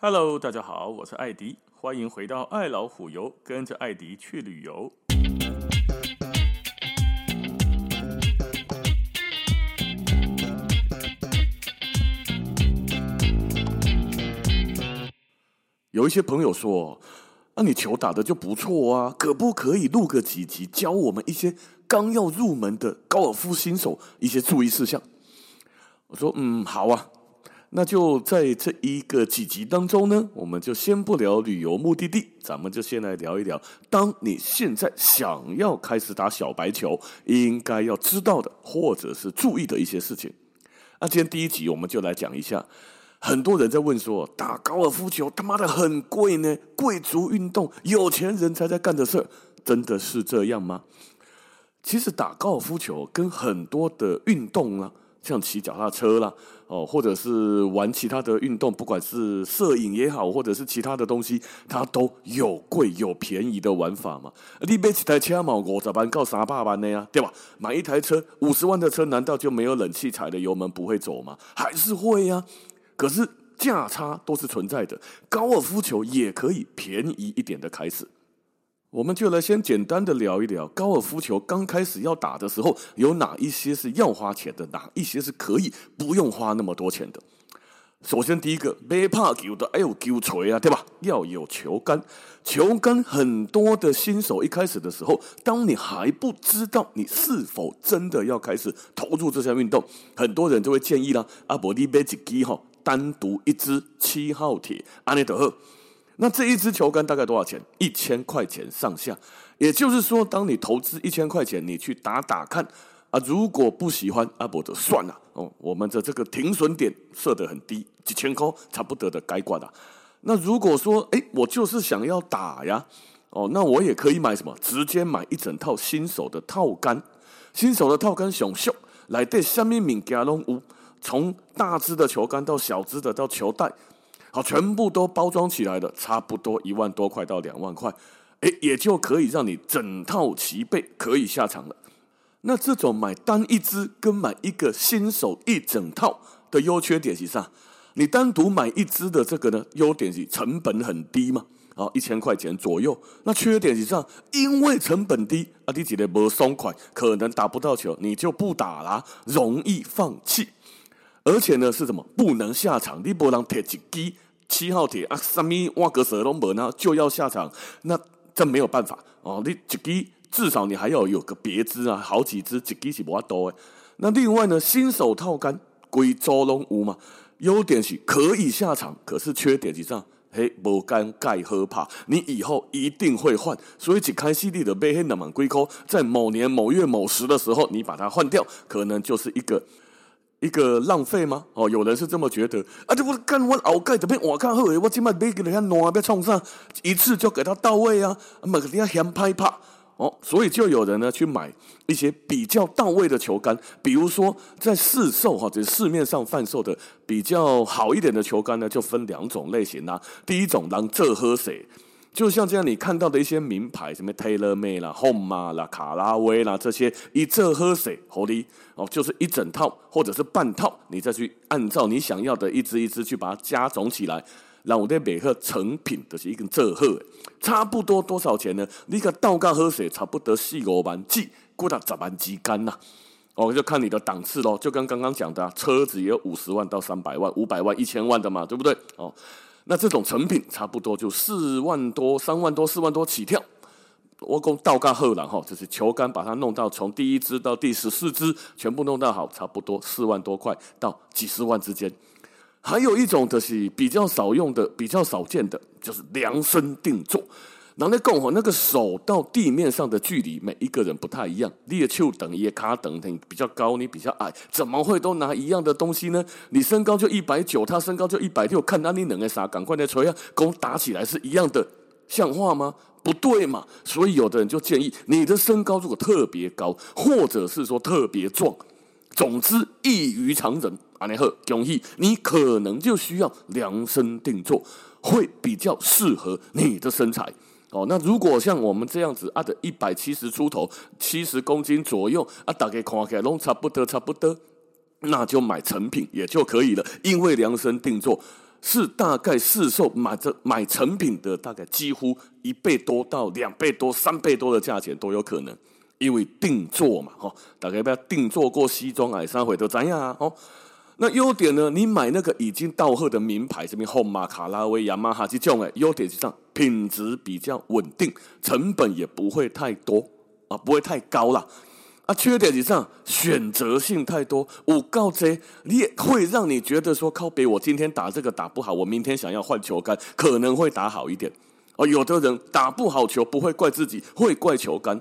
Hello，大家好，我是艾迪，歡迎回到愛老虎游，跟着艾迪去旅遊。有一些朋友說：“那、啊、你球打得就不錯啊，可不可以錄個幾集，教我們一些剛要入門的高爾夫新手一些注意事項？”我說：“嗯，好啊。”那就在這一個幾集當中呢，我們就先不聊旅遊目的地，咱們就先來聊一聊，當你現在想要開始打小白球，應該要知道的或者是注意的一些事情。那今天第一集我們就來講一下，很多人在問說，打高爾夫球他媽的很貴呢？貴族運動，有錢人才在幹的事，真的是這樣嗎？其實打高爾夫球跟很多的運動啊，像騎腳踏車啦，哦，或者是玩其他的運動，不管是攝影也好，或者是其他的東西，它都有貴有便宜的玩法嘛。你買一台車嘛？我咋辦告傻爸爸呢呀？對吧？買一台車，五十萬的車，難道就沒有冷氣踩的油門不會走嗎？還是會呀、啊。可是價差都是存在的。高爾夫球也可以便宜一點的開始。我們就來先簡單的聊一聊高爾夫球剛開始要打的時候，有哪一些是要花錢的，哪一些是可以不用花那麼多錢的。首先，第一個買拍球的，就要有球錘啊，對吧？要有球桿，球桿很多的新手一開始的時候，當你還不知道你是否真的要開始投入這項運動，很多人就會建議啦，阿伯利貝吉基哈，單獨一支七號鐵，安尼得那這一支球桿大概多少錢？一千塊錢上下。也就是說，當你投資一千塊錢，你去打打看啊，如果不喜歡，阿、啊、我就算了哦。我們的這個停損點設得很低，幾千塊差不多的該掛的。那如果說，哎、欸，我就是想要打呀，哦，那我也可以買什麼？直接買一整套新手的套桿，新手的套桿想秀裡面什麼東西都有，從大支的球桿到小支的到球袋。好，全部都包裝起來了，差不多一萬多塊到兩萬塊，哎、欸，也就可以讓你整套齊備，可以下場了。那這種買單一支跟買一個新手一整套的優缺點是啥？你單獨買一支的這個呢，優點是成本很低嘛，啊，一千塊錢左右。那缺點是啥？因為成本低啊，你幾的不鬆快，可能打不到球，你就不打啦，容易放棄。而且呢，是什麼不能下場？你不能提一支七號鐵啊，什麼瓦格斯龍波呢就要下場？那這沒有辦法哦！你一支至少你還要有個別支啊，好幾支一支是不要多的。那另外呢，新手套桿整組都有嘛？優點是可以下場，可是缺點是啥？嘿，不乾蓋喝怕，你以後一定會換。所以一開始你就買那兩萬多塊，在某年某月某時的時候，你把它換掉，可能就是一個。一個浪費嗎？哦，有人是這麼覺得。啊，這我干我老蓋這邊，我看後尾我起碼沒給人家暖，別衝上一次就給他到位啊！某個人家嫌害怕哦，所以就有人呢去買一些比較到位的球桿，比如說在市售或者市面上販售的比較好一點的球桿呢，就分兩種類型啦，啊。第一種，咱這喝水就像這樣，你看到的一些名牌，什麼 Taylor Made 啦、Home 啦、卡拉威啦這些，一整喝水，好的哦，就是一整套或者是半套，你再去按照你想要的一支一支去把它加總起來，然後的每個成品都、就是一根這盒，差不多多少錢呢？你可倒缸喝水，差不多四五萬幾，估到十萬幾千吶。哦，就看你的檔次咯，就跟剛剛講的、啊、車子也有五十萬到三百萬、五百萬、一千萬的嘛，對不對？哦。那這種成品差不多就四萬多、三萬多、四萬多起跳，我講倒掛後了哈，就是球桿把它弄到從第一支到第十四支全部弄到好，差不多四萬多塊到幾十萬之間。還有一種的是比較少用的、比較少見的，就是量身定做。拿共和，那個手到地面上的距離，每一個人不太一樣。列丘等、葉卡等等，你比較高，你比較矮，怎麼會都拿一樣的東西呢？你身高就一百九，他身高就一百六，看他你能幹啥？趕快再捶啊！弓打起來是一樣的，像話嗎？不對嘛。所以有的人就建議，你的身高如果特別高，或者是說特別壯，總之異於常人，然後弓藝，你可能就需要量身定做，會比較適合你的身材。哦，那如果像我們這樣子啊，的一百七十出頭，七十公斤左右啊，大概看起來都差不多差不多，那就買成品也就可以了。因為量身定做是大概市售買這買成品的大概幾乎一倍多到兩倍多、三倍多的價錢都有可能，因為定做嘛，哈、哦，大家不要定做過西裝哎，三回都這樣啊，哦。那優點呢？你買那個已經到貨的名牌，什麼後馬卡拉威、雅馬哈這種誒，優點是這樣品質比較穩定，成本也不會太多啊，不會太高啦啊，缺點是這樣選擇性太多，我告知，你也會讓你覺得說，靠北我今天打這個打不好，我明天想要換球桿可能會打好一點。而、啊、有的人打不好球不會怪自己，會怪球桿。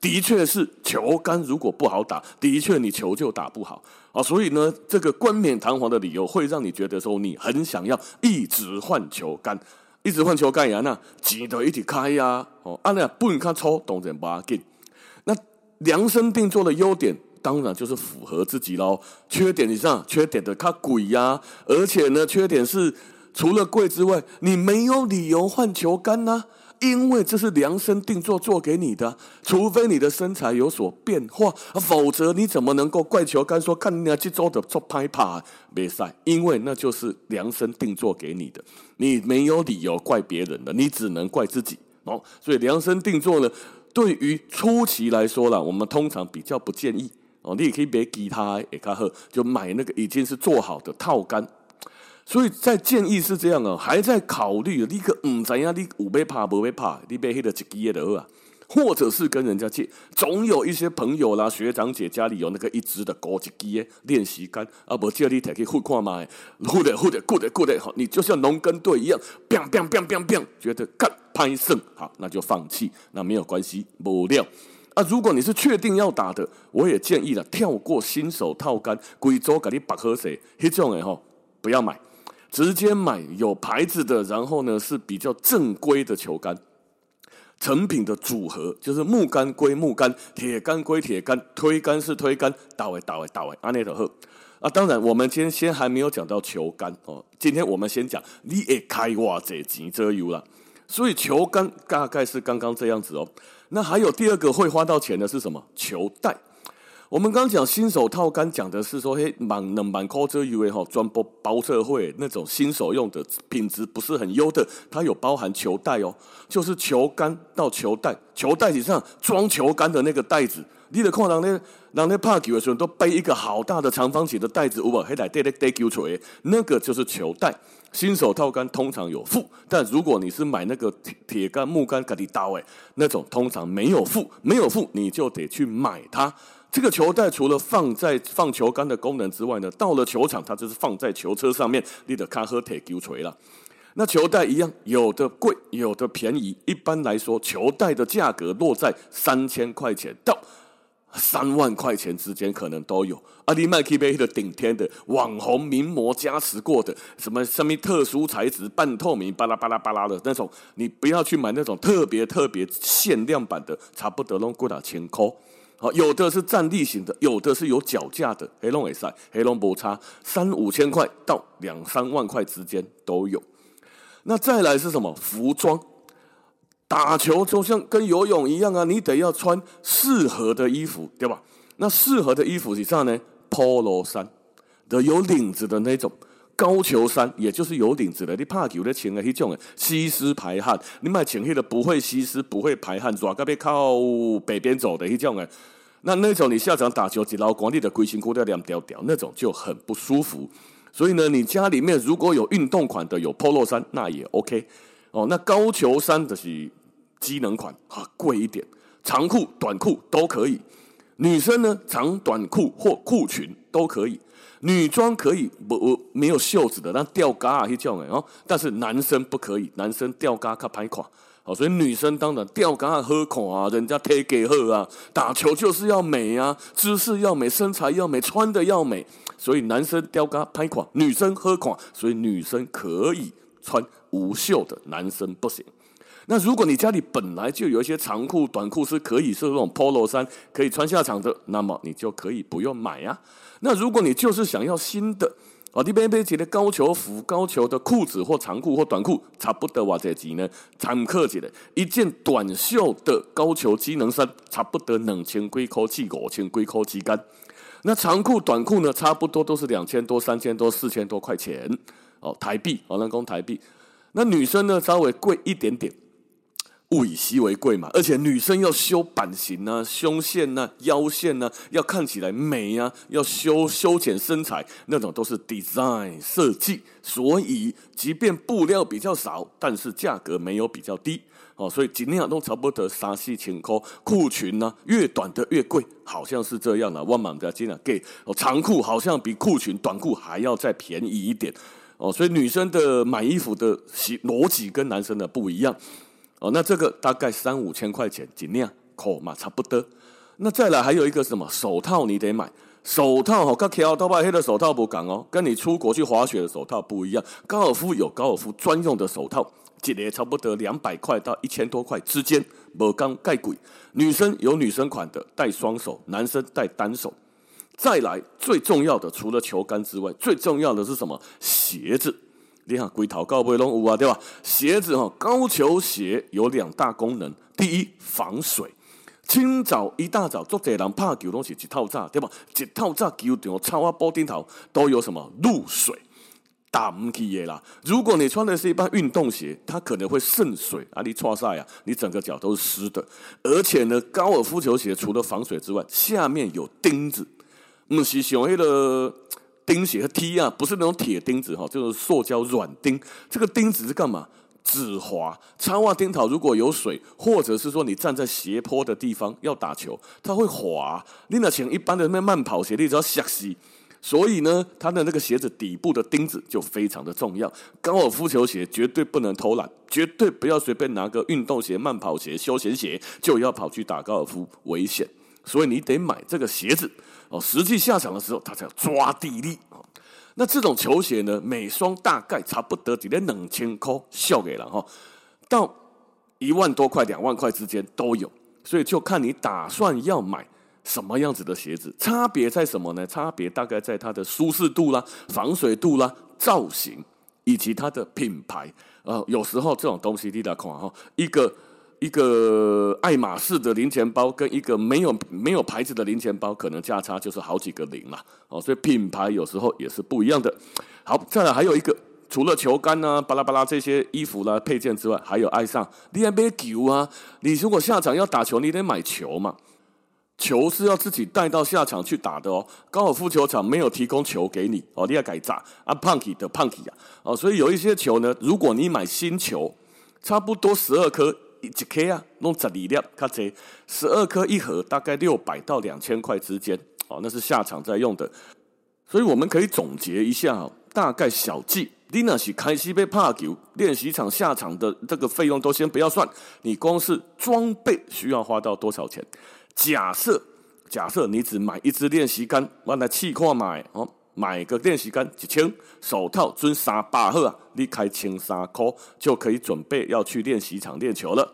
的確是球桿如果不好打，的確你球就打不好啊。所以呢，這個冠冕堂皇的理由會讓你覺得說你很想要一直換球桿，一直換球桿，那錢都一起開呀、啊。哦，啊，那不用看抽，當然不緊。那量身定做的優點當然就是符合自己咯。缺點你上缺點的，它貴呀。而且呢，缺點是除了貴之外，你沒有理由換球桿吶、啊。因為這是量身定做做給你的，除非你的身材有所變化，否則你怎麼能夠怪球桿？說看人家幾周的做拍啪沒事，因為那就是量身定做給你的，你沒有理由怪別人的，你只能怪自己哦。所以量身定做呢，對於初期來說呢，我們通常比較不建議哦。你也可以別給他也就買那個已經是做好的套桿。所以在建議是這樣哦，還在考慮，你可毋知影你有要拍無要拍，你買迄個一支的就好啊，或者是跟人家借，總有一些朋友啦、學長姐家裡有那個一支的高一支的練習桿啊不看看，不叫你摕去貨看嘛，貨的貨的，good 好，你就像農耕隊一樣，變變變變變，覺得更拍升，好，那就放棄，那沒有關係，冇料啊。如果你是確定要打的，我也建議了，跳過新手套桿，貴州甲你白河蛇，迄種的吼、哦，不要買。直接買有牌子的，然後呢是比較正規的球桿，成品的組合，就是木桿歸木桿，鐵桿歸鐵桿，推桿是推桿，到位到位到位，安內特賀。啊，當然我們今天先還沒有講到球桿哦，今天我們先講你會花這幾車油了，所以球桿大概是剛剛這樣子哦。那還有第二個會花到錢的是什麼？球袋。 我們剛講新手套桿，講的是說 2, 的，嘿，滿能滿包車一位哈，裝包包車會那種新手用的品質不是很優的，它有包含球袋哦，就是球桿到球袋，球袋子上裝球桿的那個袋子，你得看人家人家拍球的時候都背一個好大的長方形的袋子有有，無吧？嘿，來，疊疊疊球錘，那個就是球袋。新手套桿通常有附，但如果你是買那個鐵桿、木桿、格力刀誒，那種通常沒有附，沒有附你就得去買它。這個球袋，除了放在放球桿的功能之外呢，到了球場，它就是放在球車上面，你的卡赫鐵球錘了。那球袋一樣，有的貴，有的便宜。一般來說，球袋的價格落在三千塊錢到三萬塊錢之間，可能都有。阿迪邁基杯的頂天的網紅名模加持過的，什麼什麼特殊材質、半透明、巴拉巴拉巴拉的那種，你不要去買那種特別特別限量版的，差不多弄不打千塊。好，有的是站立型的，有的是有腳架的。黑龍也賽，黑龍不差三五千塊到兩三萬塊之間都有。那再來是什麼？服裝？打球就像跟游泳一樣啊，你得要穿適合的衣服，對吧？那適合的衣服以上呢？polo 衫的有領子的那種高球衫，也就是有領子的。你打球的情況嘅吸濕排汗。你買穿黑的，不會吸濕，不會排汗，抓隔壁靠北邊走的迄種嘅。那那種你下場打球，只老光麗的規型褲料兩吊吊，那種就很不舒服。所以呢，你家裡面如果有運動款的有 Polo 衫，那也 OK。哦，那高球衫就是機能款，哈、啊，貴一點。長褲、短褲都可以。女生呢，長短褲或褲裙都可以。女裝可以不沒有袖子的，但吊架啊、那吊嘎啊以叫買哦。但是男生不可以，男生吊嘎較歹看。好，所以女生當然吊嘎好看啊，人家體格好啊，打球就是要美呀，啊，姿勢要美，身材要美，穿得要美。所以男生吊嘎歹看，女生好看。所以女生可以穿無袖的，男生不行。那如果你家裡本來就有一些長褲、短褲，是可以是這種 Polo 衫，可以穿下場的，那麼你就可以不用買呀，啊。那如果你就是想要新的。我這邊邊級的高球服、高球的褲子或長褲或短褲，差不多我這級呢，才客氣的，一件短袖的高球機能衫，差不多兩千多塊，五千多塊。干。那長褲、短褲呢，差不多都是兩千多、三千多、四千多塊錢，哦，台幣哦，人工台幣。那女生呢，稍微貴一點點。物以稀為貴嘛，而且女生要修版型啊、胸線吶、啊、腰線吶、啊，要看起來美呀、啊，要修修剪身材那種都是 design 設計，所以即便布料比較少，但是價格沒有比較低哦。所以今天都差不多特、三四千塊褲裙呢、啊，越短的越貴，好像是這樣啦，我也不知道真的假的哦，長褲好像比褲裙、短褲還要再便宜一點哦。所以女生的買衣服的邏輯跟男生的不一樣。那這個大概三五千塊錢，盡量夠嘛，口差不多。那再來還有一個是什麼？手套你得買，手套哈、哦，高爾夫打黑的手套不敢哦，跟你出國去滑雪的手套不一樣。高爾夫有高爾夫專用的手套，也差不多兩百塊到一千多塊之間，不鋼蓋軌。女生有女生款的，帶雙手；男生帶單手。再來最重要的，除了球桿之外，最重要的是什麼？鞋子。你好、啊，龜頭搞不攏有啊，對吧？鞋子哈、哦，高球鞋有兩大功能，第一，防水。清早一大早，當地人拍球攏是一套炸，對吧？一套炸球場草啊，布丁頭都有什麼露水、淡氣的啦。如果你穿的是一般運動鞋，它可能會滲水啊，你穿晒呀、啊，你整個腳都是濕的。而且呢，高爾夫球鞋除了防水之外，下面有釘子，不是像迄、那個。釘鞋和 T 啊，不是那種鐵釘子哈、哦，就是塑膠軟釘。這個釘子是幹嘛？止滑。插望釘草，如果有水，或者是說你站在斜坡的地方要打球，它會滑。你那穿一般的那慢跑鞋，你只要下膝。所以呢，它的那個鞋子底部的釘子就非常的重要。高爾夫球鞋絕對不能偷懶，絕對不要隨便拿個運動鞋、慢跑鞋、休閒鞋就要跑去打高爾夫，危險。所以你得買這個鞋子哦，實際下場的時候它才要抓地力哦。那這種球鞋呢，每雙大概差不多幾能兩千塊笑給了哈，到一萬多塊、兩萬塊之間都有。所以就看你打算要買什麼樣子的鞋子，差別在什麼呢？差別大概在它的舒適度啦、防水度啦、造型以及它的品牌。呃、哦，有時候這種東西你得看哈，一個。一個愛馬仕的零錢包跟一個沒有沒有牌子的零錢包，可能價差就是好幾個零了哦。所以品牌有時候也是不一樣的。好，再來還有一個，除了球桿啊、巴拉巴拉這些衣服啦、啊、配件之外，還有愛上你要買球啊。你如果下場要打球，你得買球嘛。球是要自己帶到下場去打的哦。高爾夫球場沒有提供球給你哦，你要改打啊，Punky 的 Punky 啊哦。所以有一些球呢，如果你買新球，差不多十二顆。一顆啊，弄十二粒，卡在十二顆一盒，大概六百到兩千塊之間，哦，那是下場在用的。所以我們可以總結一下，大概小計，你如果是開始要打球練習場下場的這個費用都先不要算，你光是裝備需要花到多少錢？假設假設你只買一支練習桿讓它氣化買哦。買個練習桿一千，手套準三百塊啊，你開千三塊就可以準備要去練習場練球了。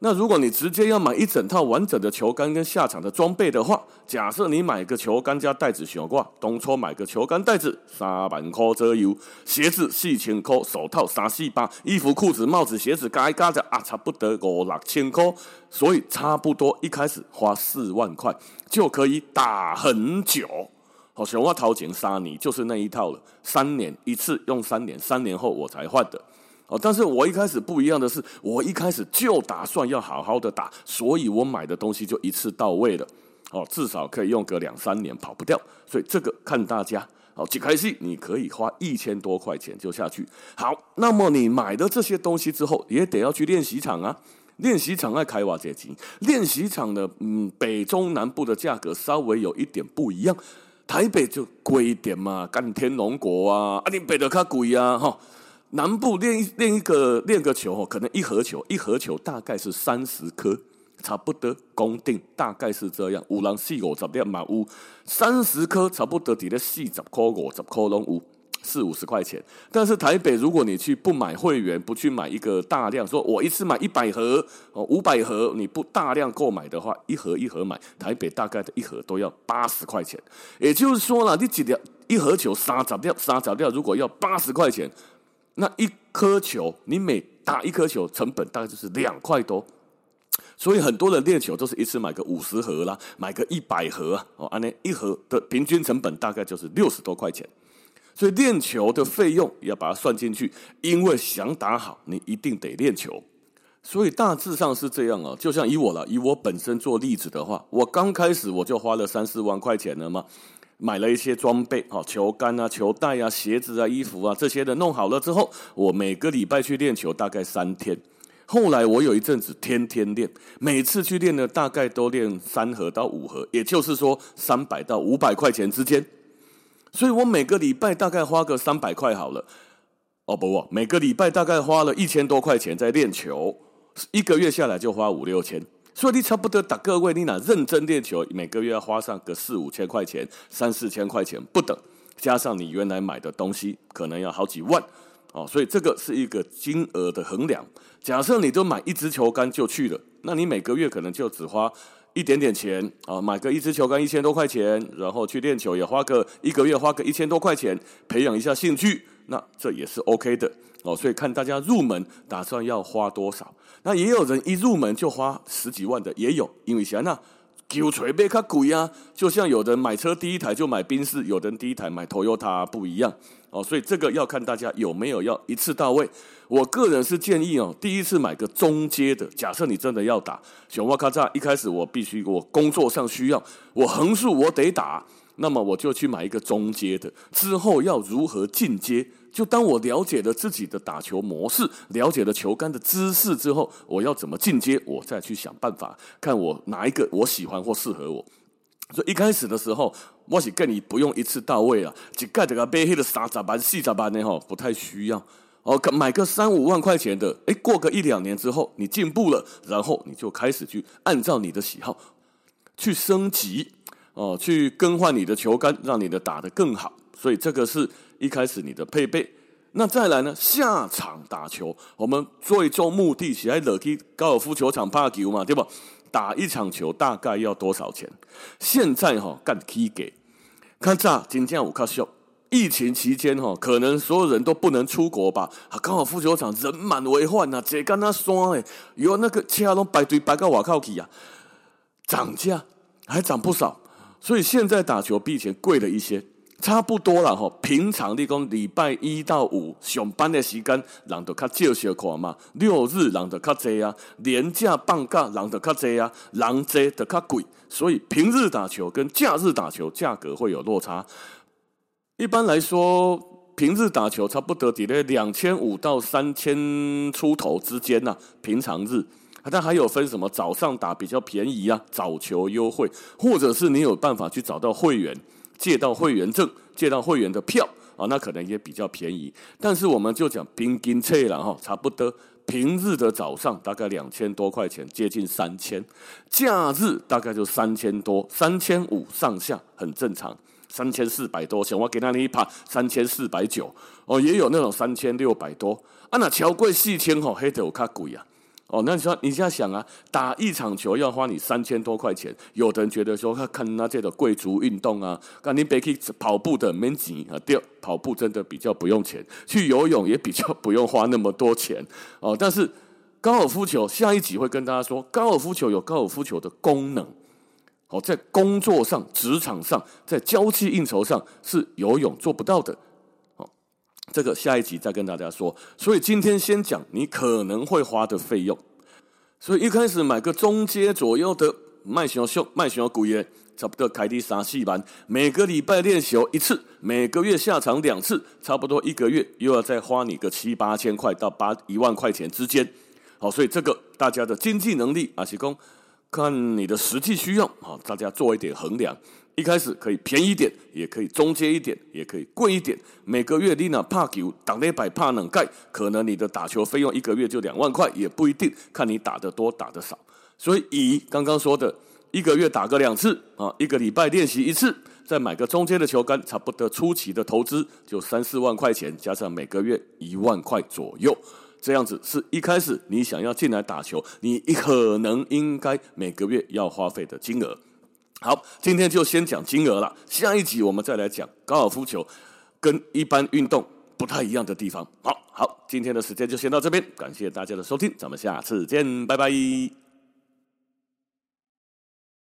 那如果你直接要買一整套完整的球桿跟下場的裝備的話，假設你買個球桿加袋子像我，當初買個球桿袋子三萬塊左右，鞋子四千塊，手套三四八，衣服褲子帽子鞋子加一加就啊，差不多五六千塊，所以差不多一開始花四萬塊就可以打很久。像我以前三年，就是那一套了。三年一次用三年，三年後我才換的。哦，但是我一開始不一樣的是，我一開始就打算要好好的打，所以我買的東西就一次到位了。哦，至少可以用個兩三年，跑不掉。所以這個看大家。哦，一開始，你可以花一千多塊錢就下去。好，那麼你買的這些東西之後，也得要去練習場啊。練習場要花多少錢，練習場的嗯，北中南部的價格稍微有一點不一樣。台北就貴一點嘛，干天龍國啊，阿、啊、你北就較貴啊，吼，南部另一另一個另一個球，可能一盒球，一盒球大概是三十顆，差不多公定大概是這樣，五郎四五十粒嘛有，三十顆差不多底咧四十塊五十塊攏有。四五十塊錢，但是台北如果你去不買會員，不去買一個大量，說我一次買一百盒、五百盒，你不大量購買的話，一盒一盒買，台北大概的一盒都要八十塊錢。也就是說啦，你幾條一盒球三十粒，三十粒，如果要八十塊錢，那一顆球你每打一顆球成本大概就是兩塊多。所以很多人練球都是一次買個五十盒啦，買個一百盒啊，哦，按呢一盒的平均成本大概就是六十多塊錢。所以練球的費用也要把它算進去，因為想打好，你一定得練球。所以大致上是這樣啊，就像以我了，以我本身做例子的話，我剛開始我就花了三四萬塊錢了嘛，買了一些裝備啊，球桿啊、球袋啊、鞋子啊、衣服啊這些的，弄好了之後，我每個禮拜去練球大概三天。後來我有一陣子天天練，每次去練呢，大概都練三盒到五盒，也就是說三百到五百塊錢之間。所以我每個禮拜大概花個三百塊好了，哦，不不，每個禮拜大概花了一千多塊錢在練球，一個月下來就花五六千，所以你差不多打各位，你那認真練球，每個月要花上個四五千塊錢，三四千塊錢不等，加上你原來買的東西，可能要好幾萬，哦，所以這個是一個金額的衡量。假設你就買一支球桿就去了，那你每個月可能就只花。一點點錢啊，買個一支球桿一千多塊錢，然後去練球也花個一個月花個一千多塊錢，培養一下興趣，那這也是 OK 的哦。所以看大家入門打算要花多少，那也有人一入門就花十幾萬的也有，因為什麼？那。啊、就像有人買車第一台就買賓士，有人第一台買 Toyota 不一樣哦，所以這個要看大家有沒有要一次到位。我個人是建議哦，第一次買個中階的。假設你真的要打選挖卡扎，一開始我必須，我工作上需要，我橫豎我得打，那麼我就去買一個中階的。之後要如何進階？就當我了解了自己的打球模式，了解了球桿的姿勢之後，我要怎麼進階，我再去想辦法，看我哪一個我喜歡或適合我。所以一開始的時候，我是跟你不用一次到位了，只蓋這個背色的啥雜班細雜班呢哈，不太需要哦。買個三五萬塊錢的，誒，過個一兩年之後，你進步了，然後你就開始去按照你的喜好去升級哦，去更換你的球桿，讓你的打得更好。所以這個是一開始你的配備，那再來呢？下場打球，我們最終目的是來落地高爾夫球場打球嘛，對吧？打一場球大概要多少錢？現在哈、哦、幹起價，看乍今天我看說，疫情期間哈、哦，可能所有人都不能出國吧？剛高爾夫球場人滿為患吶、啊，這跟他耍哎，有那個車都排隊排到外口去啊，漲價還漲不少，所以現在打球比以前貴了一些。差不多啦，平常你講禮拜一到五上班的時間，人就較少上課嘛。六日人就較濟啊，年假放假人就較濟啊，人濟就較貴，所以平日打球跟假日打球價格會有落差。一般來說，平日打球差不多在兩千五到三千出頭之間吶、啊，平常日。但還有分什麼早上打比較便宜啊，早球優惠，或者是你有辦法去找到會員。借到會員證，借到會員的票啊、哦，那可能也比較便宜。但是我們就講平均起來哈，差不多平日的早上大概兩千多塊錢，接近三千；假日大概就三千多，三千五上下很正常。三千四百多錢，像我今天這一盤三千四百九哦，也有那種三千六百多啊。4000，哦，那橋貴四千吼，黑的有較貴啊。哦，那你說，你這樣想啊，打一場球要花你三千多塊錢，有的人覺得說他坑啊，看這個貴族運動啊，那你別去跑步的沒勁啊，第二跑步真的比較不用錢，去游泳也比較不用花那麼多錢哦。但是高爾夫球，下一集會跟大家說，高爾夫球有高爾夫球的功能，哦，在工作上、職場上、在交際應酬上是游泳做不到的。這個下一集再跟大家說，所以今天先講你可能會花的費用。所以一開始買個中階左右的慢小秀、慢小秀股耶，差不多開的三四萬，每個禮拜練習一次，每個月下場兩次，差不多一個月又要再花你個七八千塊到八一萬塊錢之間。好，所以這個大家的經濟能力啊，是說，看你的實際需要啊，大家做一點衡量。一開始可以便宜一點，也可以中階一點，也可以貴一點。每個月你呢怕球，打那擺怕冷蓋，可能你的打球費用一個月就兩萬塊，也不一定，看你打得多打得少。所以以剛剛說的，一個月打個兩次啊，一個禮拜練習一次，再買個中階的球桿，差不多初期的投資就三四萬塊錢，加上每個月一萬塊左右，這樣子是一開始你想要進來打球，你可能應該每個月要花費的金額。好，今天就先講金額了，下一集我們再來講高爾夫球跟一般運動不太一樣的地方。好好，今天的時間就先到這邊，感謝大家的收聽，咱們下次見，拜拜。